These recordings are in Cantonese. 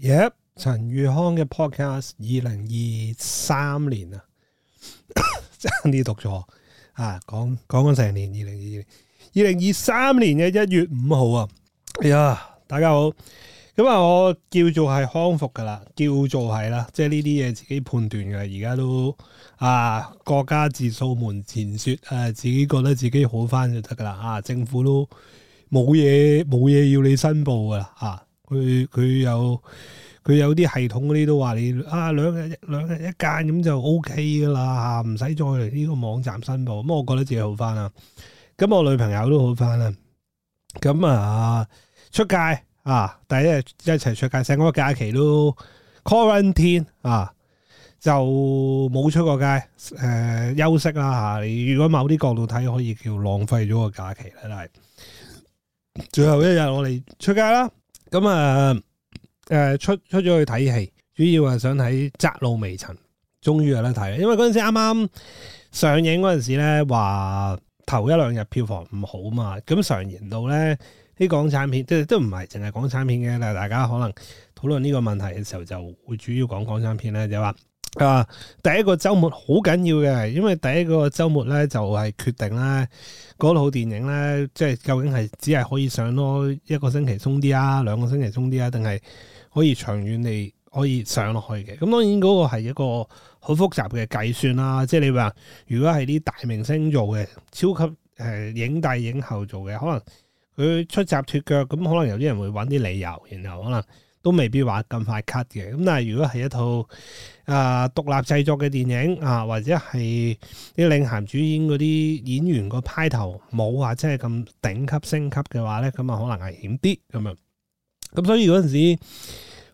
yep 陳宇康嘅 podcast 二零二三年 差啊，爭啲讀錯啊！講講緊成年二零二二年二零二三年嘅一月五號啊！哎呀，大家好，咁啊，我叫做係康復噶啦，叫做係啦，即係呢啲嘢自己判斷嘅，而家都啊，國家自掃門前雪誒、啊，自己覺得自己好返就得噶啦，啊，政府都冇嘢冇嘢要你申報噶啦，吓、啊。佢，佢有，佢有啲系統嗰啲都話你啊，兩日，兩日一間咁就 O K 噶啦吓，唔使再嚟呢個網站申報。咁我覺得自己好翻啦，咁我女朋友都好翻啦。咁啊，出街啊，第一日一齊出街，成個假期都 quarantine 啊，就冇出過街，誒、呃、休息啦、啊、你如果某啲角度睇，可以叫浪費咗個假期啦，但係最後一日我哋出街啦。咁啊、嗯，出出咗去睇戲，主要係想睇《窄路微塵》，終於有得睇。因為嗰陣時啱啱上映嗰陣時咧，話頭一兩日票房唔好嘛。咁常言道咧，啲港產片即係都唔係淨係港產片嘅，但係大家可能討論呢個問題嘅時候，就會主要講港產片咧，就係話。啊！第一個週末好緊要嘅，因為第一個週末咧就係、是、決定咧嗰套電影咧，即係究竟係只係可以上多一個星期鬆啲啊，兩個星期鬆啲啊，定係可以長遠地可以上落去嘅。咁當然嗰個係一個好複雜嘅計算啦、啊。即係你話如果係啲大明星做嘅，超級誒、呃、影帝影后做嘅，可能佢出閘脱腳，咁可能有啲人會搵啲理由，然後可能。都未必話咁快 cut 嘅，咁但係如果係一套啊獨立製作嘅電影啊，或者係啲領銜主演嗰啲演員個派頭冇話、啊、即係咁頂級升級嘅話咧，咁啊可能是危險啲咁樣。咁所以嗰陣時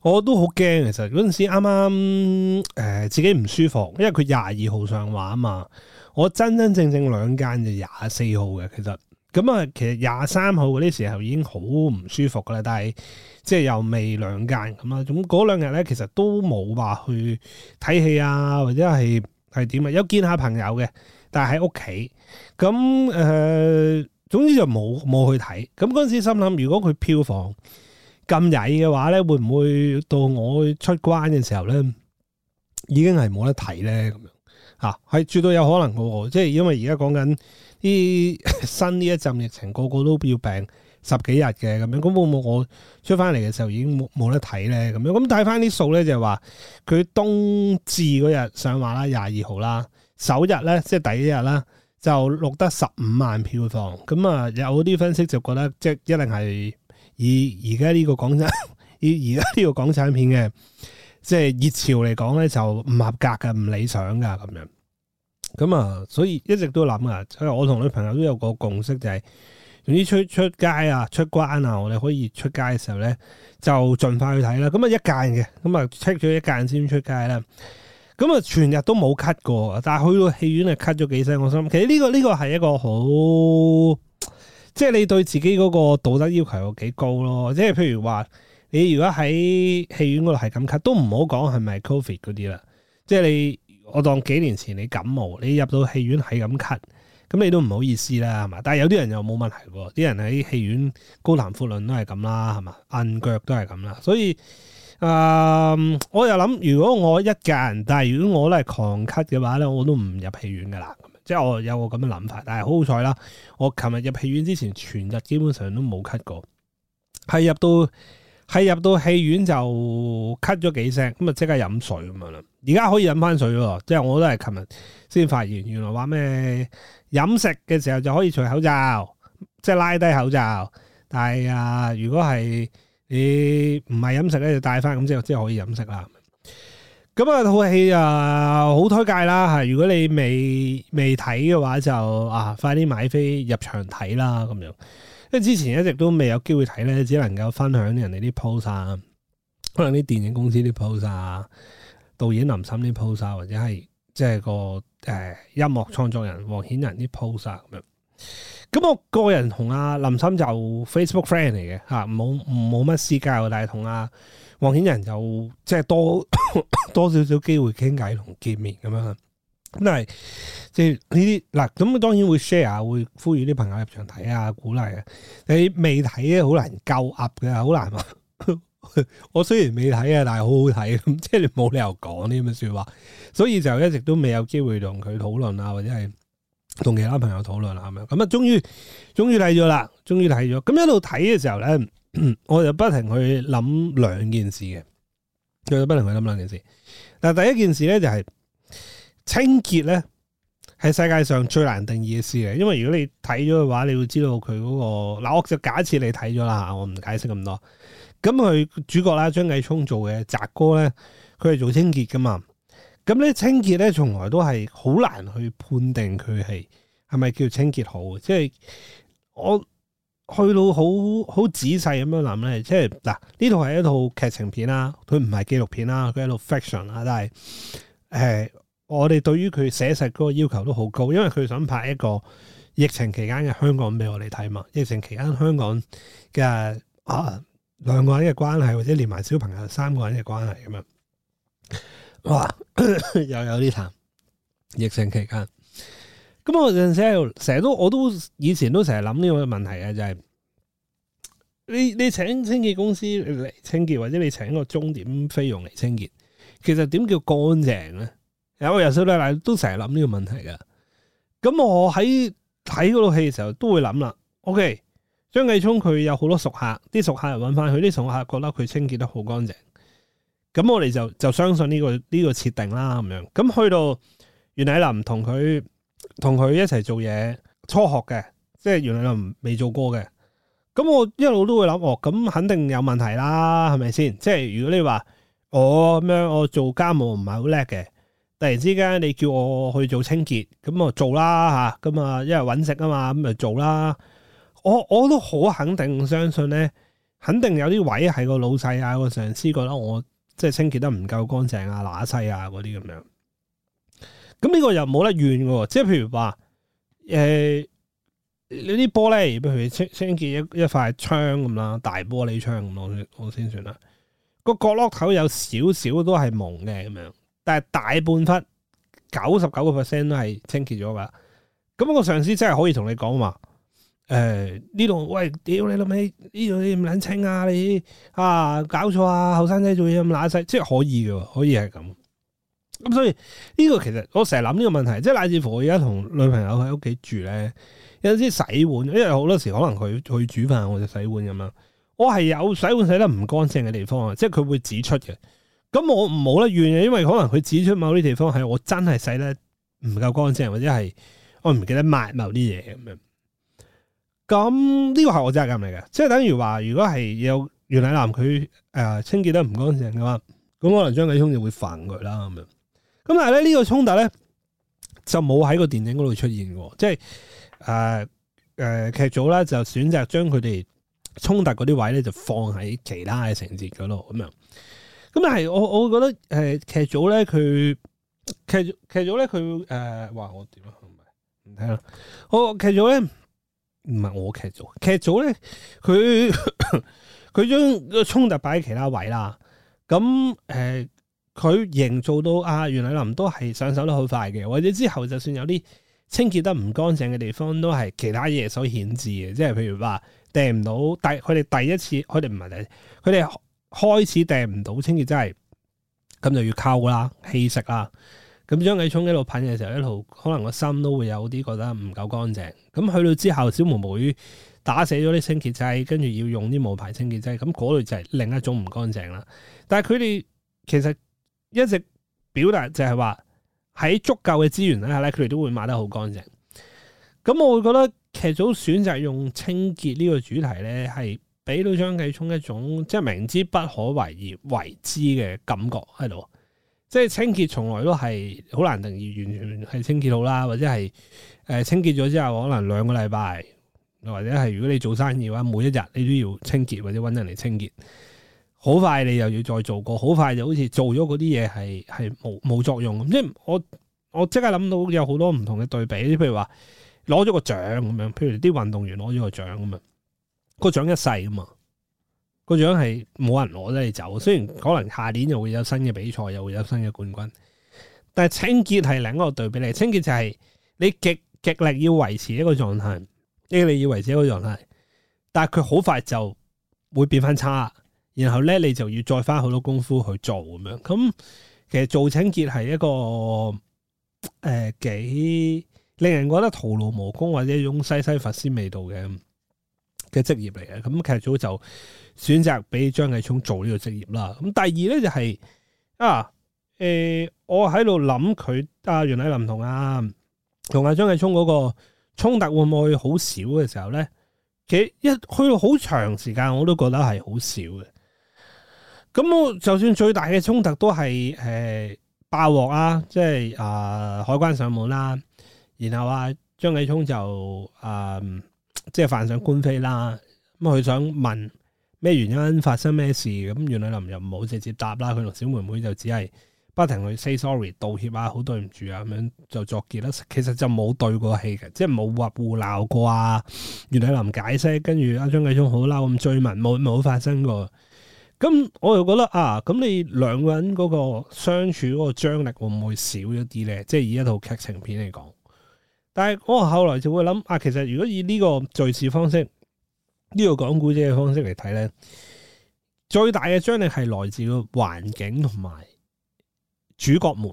我都好驚，其實嗰陣時啱啱誒自己唔舒服，因為佢廿二號上畫啊嘛，我真真正正兩間就廿四號嘅，其實。咁啊，其實廿三號嗰啲時候已經好唔舒服噶啦，但係即係又未兩間咁啊。咁嗰兩日咧，其實都冇話去睇戲啊，或者係係點啊，有見下朋友嘅，但係喺屋企。咁誒、呃，總之就冇冇去睇。咁嗰陣時心諗，如果佢票房咁曳嘅話咧，會唔會到我出關嘅時候咧，已經係冇得睇咧？嗱，係絕對有可能嘅，即係因為而家講緊啲新呢一浸疫情，個個都要病十幾日嘅咁樣，咁會唔會我出翻嚟嘅時候已經冇冇得睇咧咁樣，咁睇翻啲數咧就係話佢冬至嗰日上畫啦，廿二號啦，首日咧即係第一日啦，就錄得十五萬票房，咁啊有啲分析就覺得即係一定係以而家呢個港產以而家呢個港產片嘅即係熱潮嚟講咧就唔合格嘅，唔理想噶咁樣。咁啊，所以一直都諗啊，所以我同女朋友都有個共識，就係總之出出街啊、出關啊，我哋可以出街嘅時候咧，就盡快去睇啦。咁啊一間嘅，咁啊 check 咗一間先出街啦。咁啊，全日都冇咳過，但係去到戲院係咳咗幾聲我心。其實呢個呢個係一個好，即係你對自己嗰個道德要求有幾高咯。即係譬如話，你如果喺戲院嗰度係咁咳，都唔好講係咪 Covid 嗰啲啦。即係你。我當幾年前你感冒，你入到戲院係咁咳，咁你都唔好意思啦，係嘛？但係有啲人又冇問題喎，啲人喺戲院高談闊論都係咁啦，係嘛？硬腳都係咁啦，所以，誒，我又諗，如果我一人，但係如果我都係狂咳嘅話咧，我都唔入戲院噶啦，即係我有個咁嘅諗法。但係好好彩啦，我琴日入戲院之前，全日基本上都冇咳過，係入到。係入到戲院就咳咗幾聲，咁啊即刻飲水咁樣啦。而家可以飲翻水喎，即係我都係琴日先發現，原來話咩飲食嘅時候就可以除口罩，即係拉低口罩。但係啊，如果係你唔係飲食咧，就戴翻咁即係即係可以飲食啦。咁啊套戲啊好推介啦吓！如果你未未睇嘅話，就啊快啲買飛入場睇啦咁樣。因為之前一直都未有機會睇咧，只能夠分享人哋啲 post 啊，可能啲電影公司啲 post 啊，導演林森啲 post 啊，或者係即係個誒音樂創作人黃顯仁啲 post 啊咁樣。咁我個人同阿林森就 Facebook friend 嚟嘅吓，冇冇乜私交，但係同阿。黃顯仁就即係多 多少少機會傾偈同見面咁樣，咁係即係呢啲嗱咁，就是、當然會 share，會呼籲啲朋友入場睇呀，鼓勵啊。你未睇呢，好難夠噏嘅，好難話！ 我雖然未睇啊，但係好好睇，咁即係你冇理由講啲咁嘅說話，所以就一直都未有機會同佢討論啊，或者係同其他朋友討論啦，咁樣，咁啊，終於終於睇咗啦，終於睇咗。咁一路睇嘅時候咧。 我就不停去諗兩件事嘅，我不停去諗兩件事。但係第一件事咧就係、是、清潔咧，係世界上最難定義嘅事嘅。因為如果你睇咗嘅話，你會知道佢嗰、那個，嗱，我就假設你睇咗啦吓，我唔解釋咁多。咁佢主角啦，張繼聰做嘅澤哥咧，佢係做清潔㗎嘛。咁咧清潔咧，從來都係好難去判定佢係係咪叫清潔好，即係我。去到好好仔細咁樣諗咧，即係嗱，呢套係一套劇情片啦，佢唔係紀錄片啦，佢喺度 fiction 啦，但係誒我哋對於佢寫實嗰個要求都好高，因為佢想拍一個疫情期間嘅香港俾我哋睇嘛。疫情期間香港嘅啊兩個人嘅關係，或者連埋小朋友三個人嘅關係咁樣哇 又有啲慘，疫情期間。咁我陣時成日都我都以前都成日諗呢個問題嘅，就係你你請清潔公司嚟清潔，或者你請個鐘點費用嚟清潔，其實點叫乾淨咧？我由少到大都成日諗呢個問題嘅。咁我喺睇嗰套戲嘅時候都會諗啦。O K，張繼聰佢有好多熟客，啲熟客又搵翻佢，啲熟客覺得佢清潔得好乾淨。咁我哋就就相信呢個呢個設定啦，咁樣。咁去到袁澧林同佢。同佢一齊做嘢，初學嘅，即係原來又未做過嘅。咁我一路都會諗，哦，咁肯定有問題啦，係咪先？即係如果你話我咁樣，我做家務唔係好叻嘅，突然之間你叫我去做清潔，咁我做啦吓，咁啊因為搵食啊嘛，咁咪做啦。我我都好肯定相信咧，肯定有啲位係個老細啊個上司覺得我即係清潔得唔夠乾淨啊，乸西啊嗰啲咁樣。咁呢個又冇得怨喎。即係譬如話，誒、呃，你啲玻璃，譬如清清潔一一塊窗咁啦，大玻璃窗咁，我我先算啦。個角落頭有少少都係蒙嘅咁樣，但係大半忽九十九個 percent 都係清潔咗噶。咁我上司真係可以同你講話，誒、呃，呢度喂，屌你老味，呢度你唔撚清啊，你啊搞錯啊，後生仔做嘢咁乸細，即係可以嘅，可以係咁。咁所以呢個其實我成日諗呢個問題，即係乃至乎我而家同女朋友喺屋企住咧，有啲洗碗，因為好多時可能佢去煮飯，我就洗碗咁樣。我係有洗碗洗得唔乾淨嘅地方啊，即係佢會指出嘅。咁我唔冇得怨嘅，因為可能佢指出某啲地方係我真係洗得唔夠乾淨，或者係我唔記得抹某啲嘢咁樣。咁呢個係我真係咁嚟嘅，即係等於話如果係有袁澧林佢誒、呃、清潔得唔乾淨嘅話，咁可能張繼聰就會煩佢啦咁樣。是咁但係咧，呢個衝突咧就冇喺個電影嗰度出現嘅，即係誒誒劇組啦，就，是呃呃、就選擇將佢哋衝突嗰啲位咧，就放喺其他嘅情節嗰度咁樣。咁但係我我覺得誒劇組咧，佢劇劇組咧佢誒話我點啊，唔係唔睇啦。我劇組咧唔係我劇組，劇組咧佢佢將個衝突擺喺其他位啦。咁誒。呃佢營造到啊，袁澧林都係上手得好快嘅，或者之後就算有啲清潔得唔乾淨嘅地方，都係其他嘢所顯示嘅，即係譬如話掟唔到，佢哋第一次，佢哋唔係，佢哋開始掟唔到清潔劑，咁就要溝啦、稀釋啦。咁張繼聰一路噴嘅時候，一路可能個心都會有啲覺得唔夠乾淨。咁去到之後，小妹妹打死咗啲清潔劑，跟住要用啲無牌清潔劑，咁嗰類就係另一種唔乾淨啦。但係佢哋其實。一直表達就係話喺足夠嘅資源底下，咧佢哋都會抹得好乾淨。咁我會覺得劇組選擇用清潔呢個主題咧，係俾到張繼聰一種即係、就是、明知不可為而為之嘅感覺喺度。即、就、係、是、清潔從來都係好難定義，完全係清潔好啦，或者係誒清潔咗之後可能兩個禮拜，或者係如果你做生意嘅話，每一日你都要清潔或者揾人嚟清潔。好快你又要再做過，好快就好似做咗嗰啲嘢，係係冇冇作用。即係，我我即刻諗到有好多唔同嘅對比，譬如話攞咗個獎咁樣，譬如啲運動員攞咗個獎咁樣，個獎一世啊嘛，那個獎係冇人攞得你走。雖然可能下年又會有新嘅比賽，又會有新嘅冠軍，但係清潔係另外一個對比嚟。清潔就係你極極力要維持一個狀態，極力要維持一個狀態，但係佢好快就會變翻差。然後咧，你就要再花好多功夫去做咁樣。咁其實做清潔係一個誒、呃、幾令人覺得徒勞無功或者一種西西弗斯味道嘅嘅職業嚟嘅。咁劇組就選擇俾張繼聰做呢個職業啦。咁第二咧就係、是、啊，誒、呃，我喺度諗佢阿袁澧林同阿同阿張繼聰嗰個衝突會唔會好少嘅時候咧？其實一去到好長時間，我都覺得係好少嘅。咁就算最大嘅衝突都係誒爆鑊啦、啊，即係啊、呃、海關上門啦、啊，然後啊張繼聰就誒、呃、即係犯上官非啦，咁、嗯、佢想問咩原因發生咩事，咁袁澧林又唔好直接答啦，佢同小妹妹就只係不停去 say sorry 道，道歉啊，好對唔住啊咁樣就作結啦，其實就冇對過氣嘅，即係冇話互鬧過啊袁澧林解釋，跟住阿張繼聰好嬲咁追問，冇冇發生過？咁我又覺得啊，咁你兩個人嗰個相處嗰個張力會唔會少咗啲咧？即係以一套劇情片嚟講，但係我後來就會諗啊，其實如果以呢個敘事方式，呢個講古仔嘅方式嚟睇咧，最大嘅張力係來自個環境同埋主角們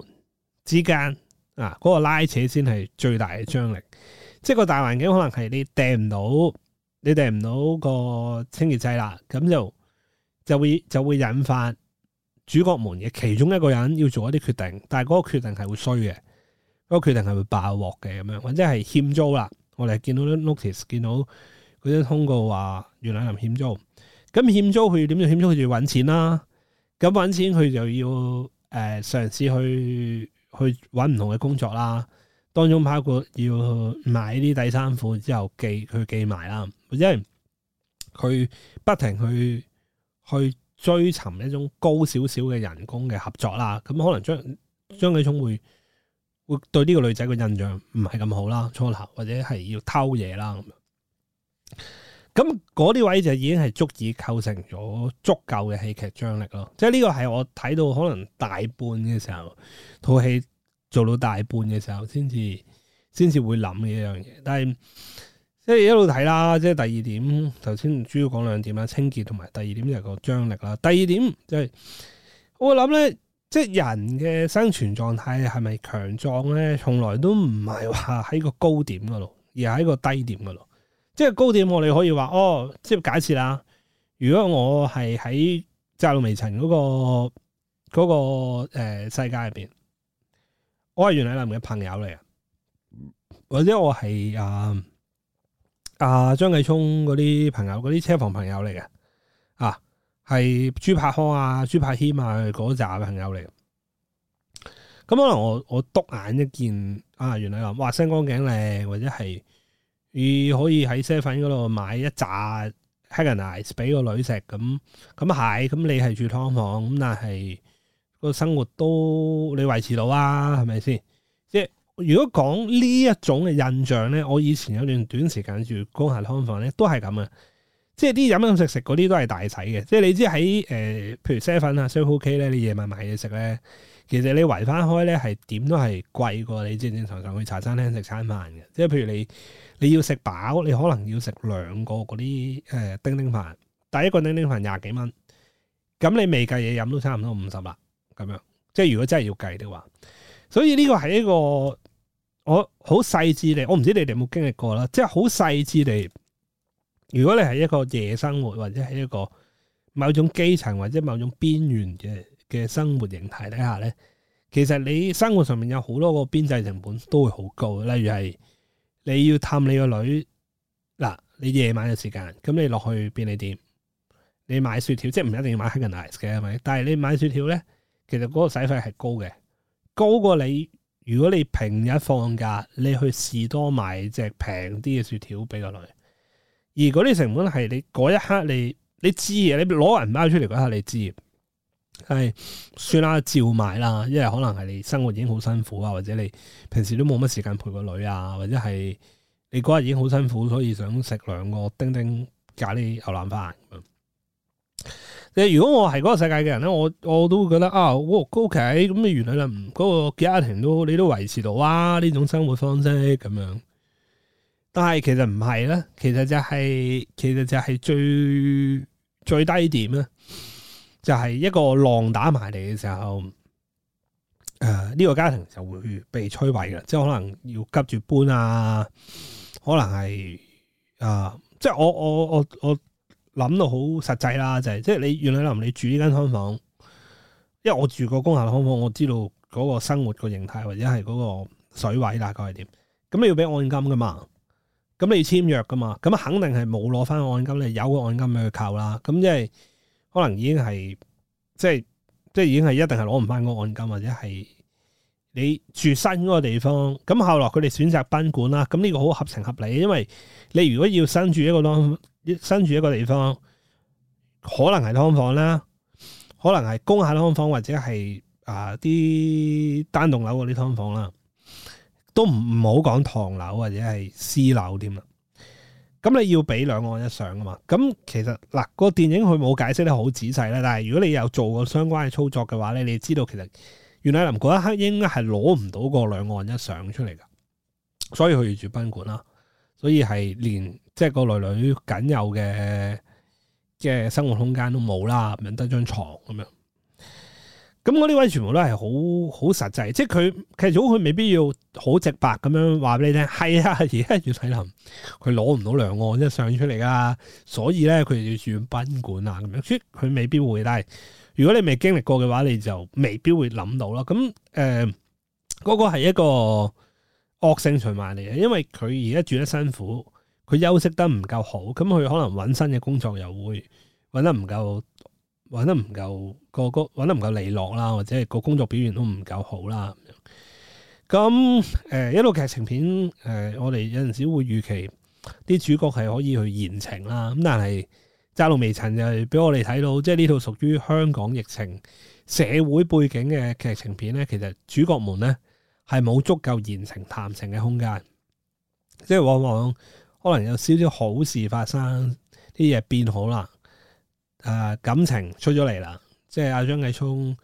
之間啊，嗰個拉扯先係最大嘅張力。即係個大環境可能係你掟唔到，你掟唔到個清潔劑啦，咁就。就會就會引發主角們嘅其中一個人要做一啲決定，但係嗰個決定係會衰嘅，嗰、嗰個決定係會爆鑊嘅咁樣，或者係欠租啦。我哋見到啲 notice，見到佢啲通告話原來又欠租。咁欠租佢點樣欠租？佢就要揾錢啦。咁揾錢佢就要誒、呃、嘗試去去揾唔同嘅工作啦。當中包括要買啲第三款之後寄佢寄埋啦，因為佢不停去。去追尋一種高少少嘅人工嘅合作啦，咁可能張張繼聰會會對呢個女仔嘅印象唔係咁好啦，粗口或者係要偷嘢啦咁。嗰啲位就已經係足以構成咗足夠嘅戲劇張力咯，即係呢個係我睇到可能大半嘅時候，套戲做到大半嘅時候先至先至會諗嘅一樣嘢，但係。即係一路睇啦，即係第二點，頭先主要講兩點啦，清潔同埋第二點就係個張力啦。第二點即係、就是、我諗咧，即係人嘅生存狀態係咪強壯咧，從來都唔係話喺個高點嗰度，而係喺個低點嗰度。即係高點我哋可以話哦，即係假設啦，如果我係喺窄路微塵嗰、那個嗰、那個誒、呃、世界入邊，我係袁澧林嘅朋友嚟啊，或者我係啊。呃啊，張繼聰嗰啲朋友，嗰啲車房朋友嚟嘅，啊，係朱柏康啊、朱柏謙啊嗰扎嘅朋友嚟嘅。咁、啊、可能我我篤眼一見，啊袁澧林，哇身光頸靚，或者係，咦可以喺 Seven 嗰度買一扎 Häagen-Dazs 俾個女食，咁咁啊係，咁你係住劏房，咁但係、個生活都你維持到啊，係咪先？如果講呢一種嘅印象咧，我以前有段短時間住江夏劏房咧，都係咁嘅，即係啲飲飲食食嗰啲都係大洗嘅。即係你知喺誒、呃，譬如 Seven 啊、OK 咧，你夜晚買嘢食咧，其實你圍翻開咧，係點都係貴過你正正常常去茶餐廳食餐飯嘅。即係譬如你你要食飽，你可能要食兩個嗰啲誒叮叮飯，第一個叮叮飯廿幾蚊，咁你未計嘢飲都差唔多五十啦。咁樣即係如果真係要計的話。所以呢個係一個我好細緻地，我唔知你哋有冇經歷過啦，即係好細緻地。如果你係一個夜生活，或者係一個某種基層或者某種邊緣嘅嘅生活形態底下咧，其實你生活上面有好多個邊際成本都會好高，例如係你要探你個女，嗱你夜晚嘅時間，咁你落去便利店，你買雪條，即係唔一定要買 hamburger 嘅係咪？但係你買雪條咧，其實嗰個使費係高嘅。高過你，如果你平日放假，你去士多買隻平啲嘅薯條俾個女，而嗰啲成本係你嗰一刻你你知嘅，你攞銀包出嚟，嗰一刻你知，係算啦，照買啦，因為可能係你生活已經好辛苦啊，或者你平時都冇乜時間陪個女啊，或者係你嗰日已經好辛苦，所以想食兩個叮叮咖喱牛腩飯。其實如果我係嗰個世界嘅人咧，我我都覺得啊，我 O K 咁，原來啦，嗰個家庭都你都維持到啊呢種生活方式咁樣，但係其實唔係啦，其實就係、是、其實就係最最低點啦，就係、是、一個浪打埋嚟嘅時候，誒、呃、呢、這個家庭就會被摧毀噶，即係可能要急住搬啊，可能係啊、呃，即係我我我我。我我諗到好實際啦，就係即係你原來諗你住呢間劏房，因為我住過公廈劏房，我知道嗰個生活個形態或者係嗰個水位啦，大概係點，咁你要俾按金噶嘛，咁你要簽約噶嘛，咁肯定係冇攞翻按金，你有按金俾佢扣啦，咁即係可能已經係即係即係已經係一定係攞唔翻個按金或者係你住新嗰個地方，咁後來佢哋選擇賓館啦，咁呢個好合情合理，因為你如果要新住一個身處一個地方，可能係劏房啦，可能係公廈劏房或者係啊啲單棟樓嗰啲劏房啦，都唔唔好講唐樓或者係私樓添啦。咁你要俾兩岸一上噶嘛？咁其實嗱、嗰個電影佢冇解釋得好仔細啦。但係如果你有做過相關嘅操作嘅話咧，你知道其實原來林嗰一刻應該係攞唔到個兩岸一上出嚟噶，所以佢要住賓館啦。所以係連即係、就是、個女女僅有嘅嘅生活空間都冇啦，得張床咁樣。咁我呢位全部都係好好實際，即係佢其實好，佢未必要好直白咁樣話俾你聽，係啊而家要睇林佢攞唔到兩岸即係上出嚟㗎。所以咧佢要住賓館啊咁樣，所以佢未必會。但係如果你未經歷過嘅話，你就未必會諗到啦。咁誒，嗰、呃那個係一個。惡性循環嚟嘅，因為佢而家住得辛苦，佢休息得唔夠好，咁佢可能揾新嘅工作又會揾得唔夠，揾得唔夠，揾得唔夠個個，揾得唔夠利落啦，或者係個工作表現都唔夠好啦。咁誒、呃，一部劇情片誒、呃，我哋有陣時會預期啲主角係可以去言情啦，咁但係窄路微塵就係俾我哋睇到，即係呢套屬於香港疫情社會背景嘅劇情片咧，其實主角們咧。係冇足夠言情談情嘅空間，即係往往可能有少少好事發生，啲嘢變好啦，啊，感情出咗嚟啦，即係阿張繼聰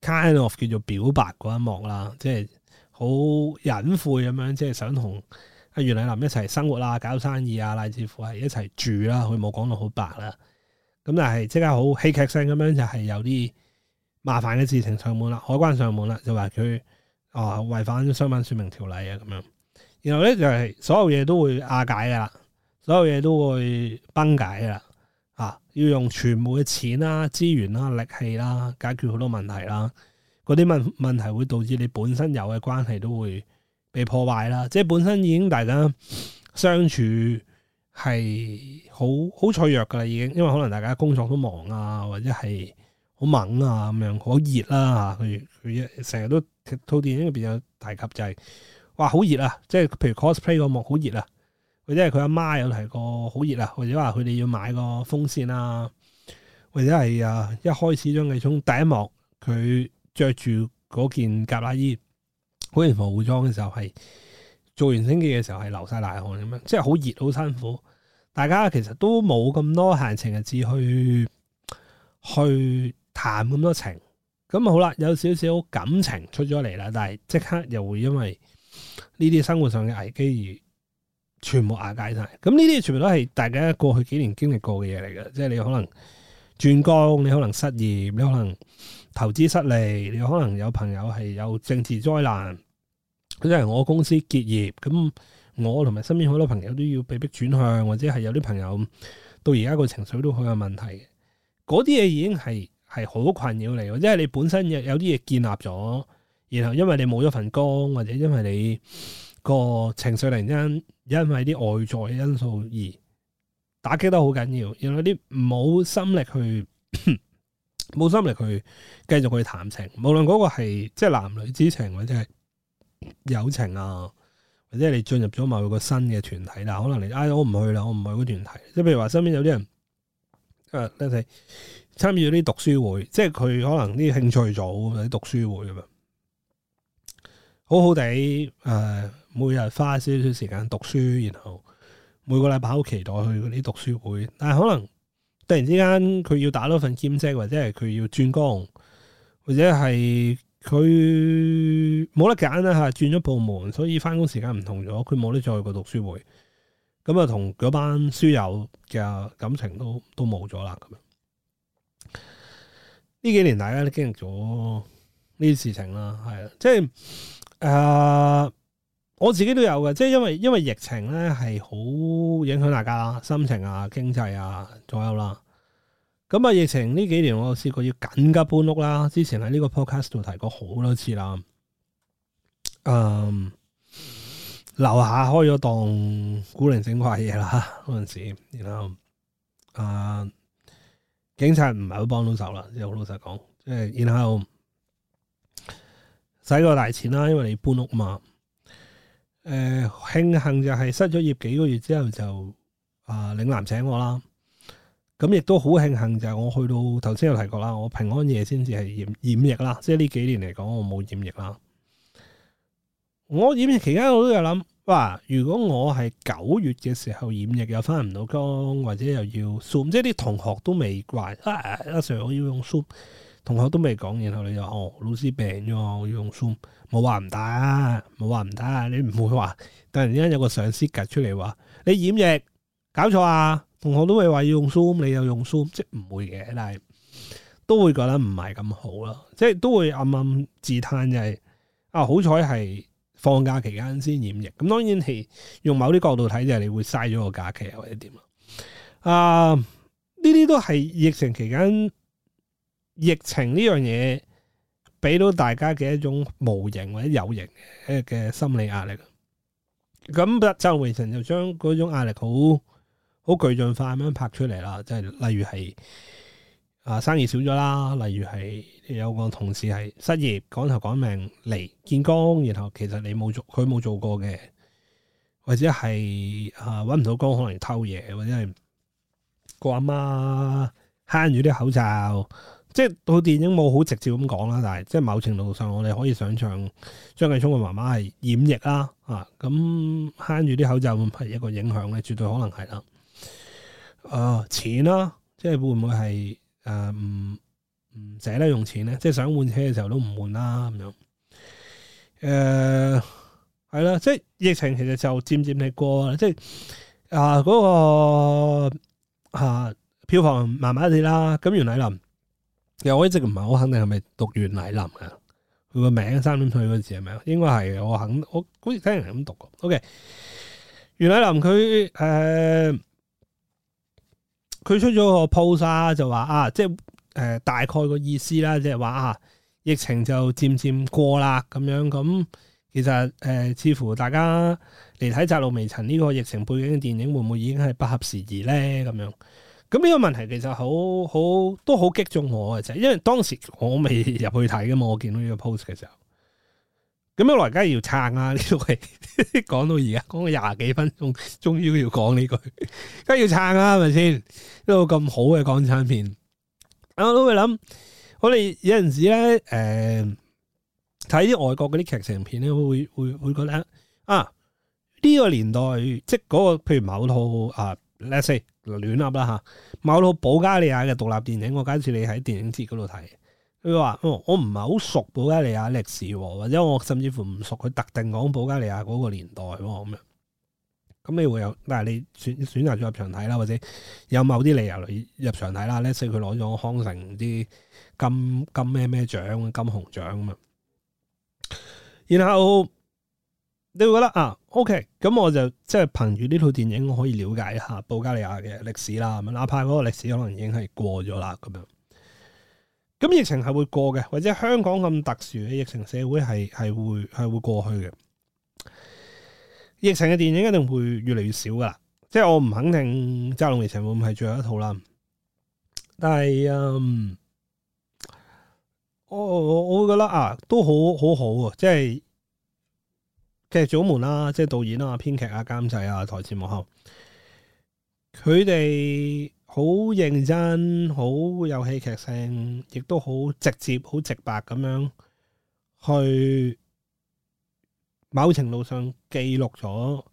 kind of 叫做表白嗰一幕啦，即係好隱晦咁樣，即係想同阿袁澧林一齊生活啦，搞生意啊，乃至乎係一齊住啦，佢冇講到好白啦，咁但係即刻好戲劇性咁樣就係有啲麻煩嘅事情上門啦，海關上門啦，就話佢。哦、啊，違反商品說明條例啊，咁樣。然後咧就係、是、所有嘢都會瓦解噶啦，所有嘢都會崩解噶啦。啊，要用全部嘅錢啦、啊、資源啦、啊、力氣啦、啊、解決好多問題啦、啊。嗰啲問問題會導致你本身有嘅關係都會被破壞啦。即係本身已經大家相處係好好脆弱噶啦，已經，因為可能大家工作都忙啊，或者係好猛啊咁樣，好熱啦。佢佢成日都～套電影入邊有提及、就是，就係哇好熱啊！即係譬如 cosplay 個幕好熱啊，或者係佢阿媽有提過好熱啊，或者話佢哋要買個風扇啊，或者係啊一開始張繼聰第一幕佢着住嗰件夾拉衣，好嚴防武裝嘅時候係做完清潔嘅時候係流晒大汗咁樣，即係好熱好辛苦，大家其實都冇咁多閒情逸致去去談咁多情。咁好啦，有少少感情出咗嚟啦，但係即刻又會因為呢啲生活上嘅危機而全部瓦解晒。咁呢啲全部都係大家過去幾年經歷過嘅嘢嚟嘅，即係你可能轉崗，你可能失業，你可能投資失利，你可能有朋友係有政治災難，即係我公司結業，咁我同埋身邊好多朋友都要被迫轉向，或者係有啲朋友到而家個情緒都好有問題嘅。嗰啲嘢已經係。係好困擾你，即係你本身有啲嘢建立咗，然後因為你冇咗份工，或者因為你個情緒突然間，因為啲外在嘅因素而打擊得好緊要，然後有啲冇心力去冇心力去繼續去談情，無論嗰個係即係男女之情，或者係友情啊，或者係你進入咗某個新嘅團體啦，可能你唉我唔去啦，我唔去嗰個團體，即係譬如話身邊有啲人，啊，你睇。參與啲讀書會，即係佢可能啲興趣組啲讀書會咁樣，好好地、呃、每日花少少時間讀書，然後每個禮拜好期待去嗰啲讀書會。但係可能突然之間佢要打多份兼職，或者係佢要轉工，或者係佢冇得揀啦吓，轉咗部門，所以翻工時間唔同咗，佢冇得再去過讀書會咁啊。同嗰班書友嘅感情都都冇咗啦，咁呢幾年大家都經歷咗呢啲事情啦，係啊，即係誒、呃，我自己都有嘅，即係因為因為疫情咧係好影響大家心情啊、經濟啊左右啦。咁啊，疫情呢幾年我試過要緊急搬屋啦，之前喺呢個 podcast 度提過好多次啦。誒、呃，樓下開咗檔古靈精怪嘢啦，嗰陣時然後誒。呃警察唔係好幫到手啦，又好老實講，即係然後使個大錢啦，因為你搬屋嘛。誒、呃，慶幸就係失咗業幾個月之後就啊嶺南請我啦。咁亦都好慶幸就係我去到頭先有提過啦。我平安夜先至係染染疫啦，即係呢幾年嚟講我冇染疫啦。我染疫期間我都有諗。哇、啊！如果我係九月嘅時候染疫，又翻唔到工，或者又要 Zoom，即係啲同學都未慣啊！阿 Sir 我要用 Zoom，同學都未講，然後你就哦老師病咗，我要用 Zoom，冇話唔得啊，冇話唔得啊！你唔會話突然之間有個上司趌出嚟話你染疫搞錯啊？同學都未話要用 Zoom，你又用 Zoom，即係唔會嘅，但係都會覺得唔係咁好咯，即係都會暗暗自嘆就係、是、啊好彩係。放假期間先染疫，咁當然係用某啲角度睇就係你會嘥咗個假期或者點啊？啊，呢啲都係疫情期間，疫情呢樣嘢俾到大家嘅一種無形或者有形嘅心理壓力。咁周偉臣就將嗰種壓力好好具象化咁樣拍出嚟啦，即係例如係啊生意少咗啦，例如係。有個同事係失業，趕頭趕命嚟見工，然後其實你冇做，佢冇做過嘅，或者係啊揾唔到工，可能偷嘢，或者係個阿媽慳住啲口罩，即係部電影冇好直接咁講啦，但係即係某程度上，我哋可以想象張繼聰嘅媽媽係演繹啦，啊咁慳住啲口罩係一個影響咧，絕對可能係啦。呃、錢啊錢啦，即係會唔會係誒唔？呃唔捨得用錢咧，即係想換車嘅時候都唔換啦咁樣。誒、呃，係啦，即係疫情其實就漸漸你過啦，即係啊嗰、那個啊票房麻麻地啦。咁袁澧林，其實我一直唔係好肯定係咪讀袁澧林嘅，佢個名字三點水嗰陣時係咪？應該係我肯我好似聽人咁讀過。OK，袁澧林佢誒，佢、呃、出咗個 post 就話啊，即係。誒、呃，大概個意思啦，即係話啊，疫情就漸漸過啦，咁樣咁，其實誒、呃，似乎大家嚟睇《窄路微塵》呢、呢個疫情背景嘅電影，會唔會已經係不合時宜咧？咁樣，咁呢個問題其實好好都好擊中我嘅。就因為當時我未入去睇嘅嘛，我見到呢個 post 嘅時候，咁樣來梗係要撐啊！呢度係講到而家講咗廿幾分鐘，終於要講呢句，梗係要撐啊，係咪先？呢個咁好嘅港產片。我都會諗，我哋有陣時咧，誒、呃，睇啲外國嗰啲劇情片咧，會會會覺得啊，呢個年代即係嗰個，譬如某套啊，let's say 亂噏啦吓，某套保加利亞嘅獨立電影，我假設你喺電影節嗰度睇，佢話，哦，我唔係好熟保加利亞歷史，或者我甚至乎唔熟佢特定講保加利亞嗰個年代咁樣。咁你會有，但係你選選擇咗入場睇啦，或者有某啲理由嚟入場睇啦。所以佢攞咗康城啲金金咩咩獎，金熊獎咁樣。然後你會覺得啊，OK，咁我就即係憑住呢套電影我可以了解一下布加利亞嘅歷史啦。咁啊，哪怕嗰個歷史可能已經係過咗啦，咁樣。咁疫情係會過嘅，或者香港咁特殊嘅疫情社會係係會係會過去嘅。疫情嘅電影一定會越嚟越少噶啦，即係我唔肯定《窄路微塵》會唔係最後一套啦，但係嗯，我我會覺得啊，都好好好啊，即係劇組們啦，即係導演啊、編劇啊、監製啊、台前幕後，佢哋好認真，好有戲劇性，亦都好直接、好直白咁樣去。某程度上記錄咗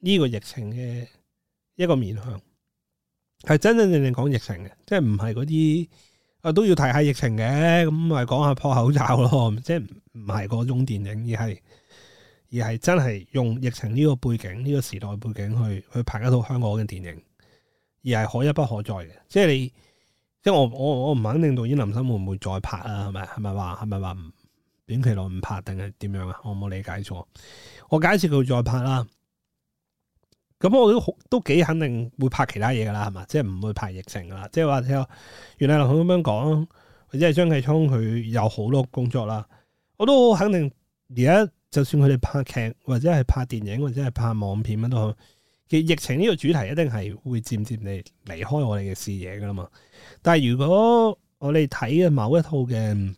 呢個疫情嘅一個面向，係真真正正講疫情嘅，即係唔係嗰啲啊都要提下疫情嘅，咁咪講下破口罩咯，即係唔係嗰種電影，而係而係真係用疫情呢個背景、呢個時代背景去去拍一套香港嘅電影，而係可一不可再嘅，即係你即係我我我唔肯定導演林生會唔會再拍啦，係咪係咪話係咪話？是不是短期內唔拍定係點樣啊？我冇理解錯，我假設佢會再拍啦，咁我也很都好都幾肯定會拍其他嘢噶啦，係嘛？即係唔會拍疫情噶啦，即係話原來佢咁樣講，或者係張繼聰佢有好多工作啦，我都肯定。而家就算佢哋拍劇或者係拍電影或者係拍網片乜都好，其實疫情呢個主題一定係會漸漸地離開我哋嘅視野噶啦嘛。但係如果我哋睇嘅某一套嘅，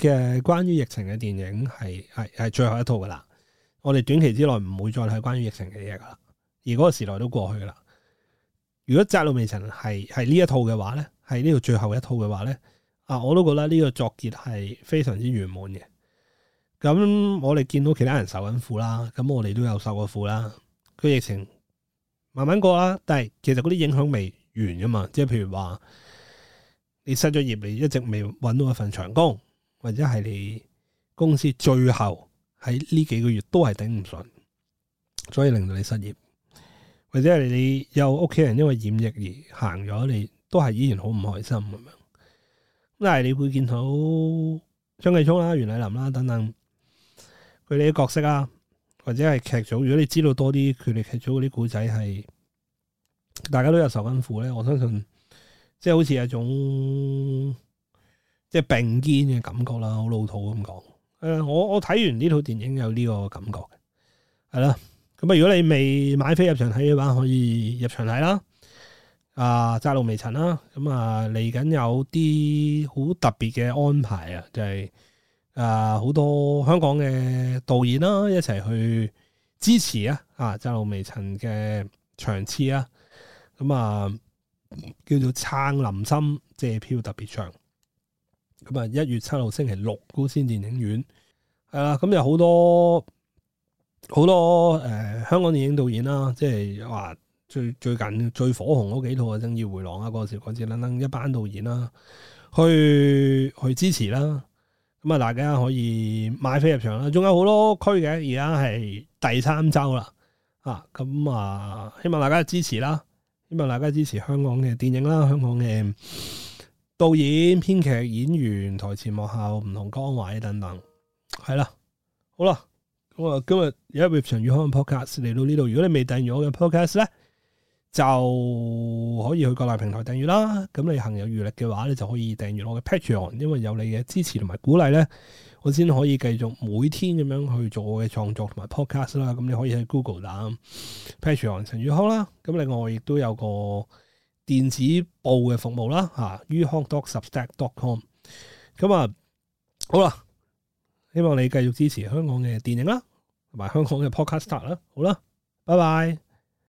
嘅關於疫情嘅電影係係係最後一套噶啦我哋短期之內唔會再睇關於疫情嘅嘢噶啦而嗰個時代都過去噶啦如果是《窄路微塵》係係呢一套嘅話咧，係呢個最後一套嘅話咧，啊，我都覺得呢個作結係非常之圓滿嘅。咁我哋見到其他人受緊苦啦，咁我哋都有受過苦啦。佢、這個、疫情慢慢過啦，但係其實嗰啲影響未完啊嘛，即係譬如話你失咗業，你一直未搵到一份長工。或者係你公司最後喺呢幾個月都係頂唔順，所以令到你失業，或者係你有屋企人因為染疫而行咗，你都係依然好唔開心咁樣。咁但係你會見到張繼聰啦、袁澧林啦等等，佢哋嘅角色啊，或者係劇組，如果你知道多啲佢哋劇組嗰啲古仔係，大家都係受緊苦咧，我相信即係、就是、好似一種。即係並肩嘅感覺啦，好老土咁講。誒、呃，我我睇完呢套電影有呢個感覺嘅，係啦。咁啊，如果你未買飛入場睇嘅話，可以入場睇啦。啊，窄路微塵啦，咁、嗯、啊嚟緊有啲好特別嘅安排啊，就係誒好多香港嘅導演啦、啊，一齊去支持啊。啊，窄路微塵嘅場次啊，咁、嗯、啊叫做撐林心借票特別場。咁啊！一、嗯、月七號星期六，高先電影院係啦，咁、嗯、有好多好多誒、呃，香港電影導演啦，即係話最最近最火紅嗰幾套嘅《正義回廊》啊、那個，那《嗰、個、時嗰支等等》一班導演啦，去去支持啦。咁、嗯、啊，大家可以買飛入場啦，仲有好多區嘅，而家係第三周啦啊！咁、嗯、啊，希望大家支持啦，希望大家支持香港嘅電影啦，香港嘅。導演、編劇、演員、台前幕後唔同崗位等等，係啦，好啦，咁啊，今日有一個陳宇康嘅 podcast 嚟到呢度。如果你未訂閱我嘅 podcast 咧，就可以去各大平台訂閱啦。咁你行有餘力嘅話，你就可以訂閱我嘅 patreon，因為有你嘅支持同埋鼓勵咧，我先可以繼續每天咁樣去做我嘅創作同埋 podcast 啦。咁你可以喺 Google 打 patreon 陳宇康啦。咁另外我亦都有個。電子報嘅服務啦，嚇，uh，yukongdocsubstack.com。咁啊，好啦，希望你繼續支持香港嘅電影啦，同埋香港嘅 podcast 啦，好啦，拜拜。